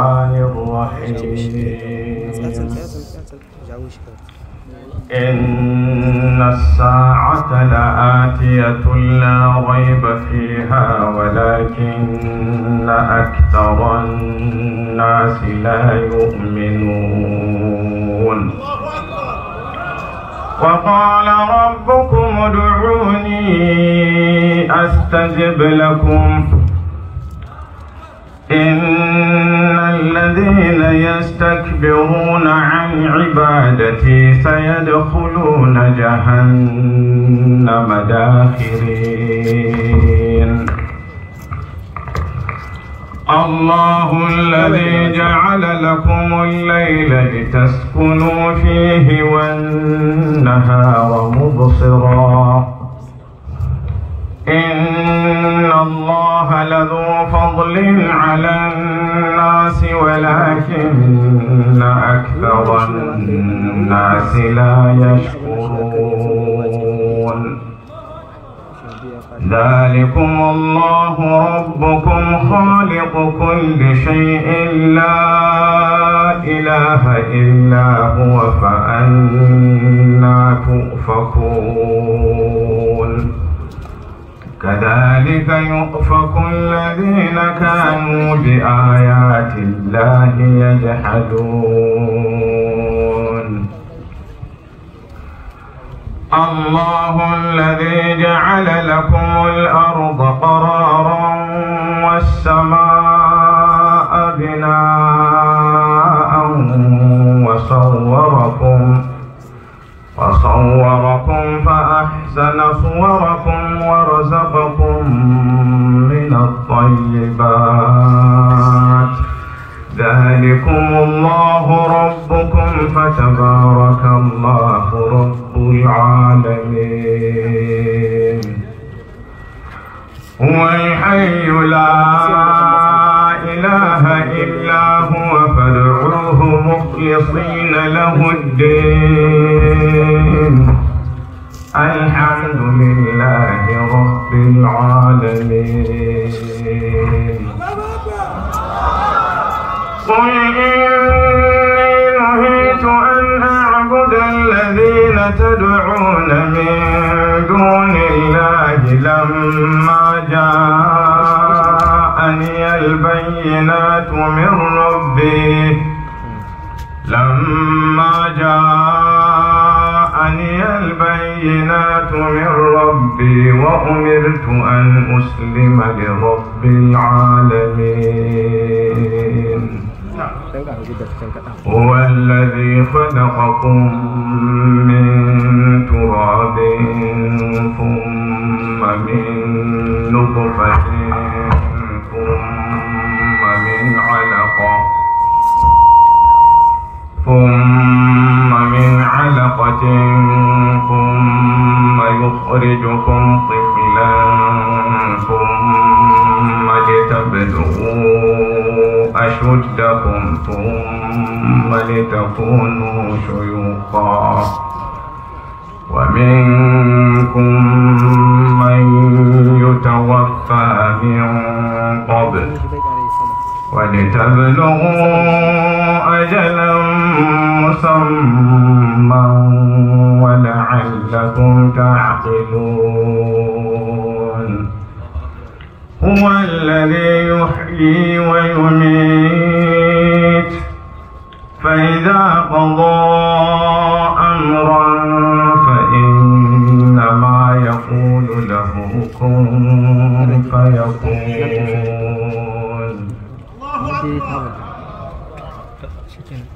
الرحمن الرحيم إن الساعة لآتية لا ريب فيها ولكن أكثر الناس لا يؤمنون وقال ربكم ادعوني أستجب لكم يستكبرون عن عبادتي سيدخلون جهنم داخرين الله الذي جعل لكم الليل لتسكنوا فيه والنهار مبصراً الله لذو فضل على الناس ولكن أكثر الناس لا يشكرون ذلكم الله ربكم خالق كل شيء لا إله إلا هو فأنا تؤفكون كذلك يؤفك الذين كانوا بآيات الله يجحدون الله الذي جعل لكم الأرض قرارا والسماء بناء وصوركم وصوركم فأحسن صوركم ورزقكم من الطيبات ذلكم الله ربكم فتبارك الله رب العالمين هو الحي لا إله إلا هو فادعوه مخلصين له الدين الحمد لله رب العالمين قل إني نهيت أن أعبد الذين تدعون من دون الله لما جاءني البينات من ربي لما جاءني البينات من ربي وأمرت أن أسلم لرب العالمين هو الذي خلقكم من تراب ثم من نطفة منكم طفلا ثم لتبلغوا أشدكم ثم لتكونوا شيوخا ومنكم من يتوفى من قبل ولتبلغوا أجلا مسمى ولعلكم هو الذي يحيي ويميت فإذا قضى أمرا فإنما يقول له كن فيكون الله أكبر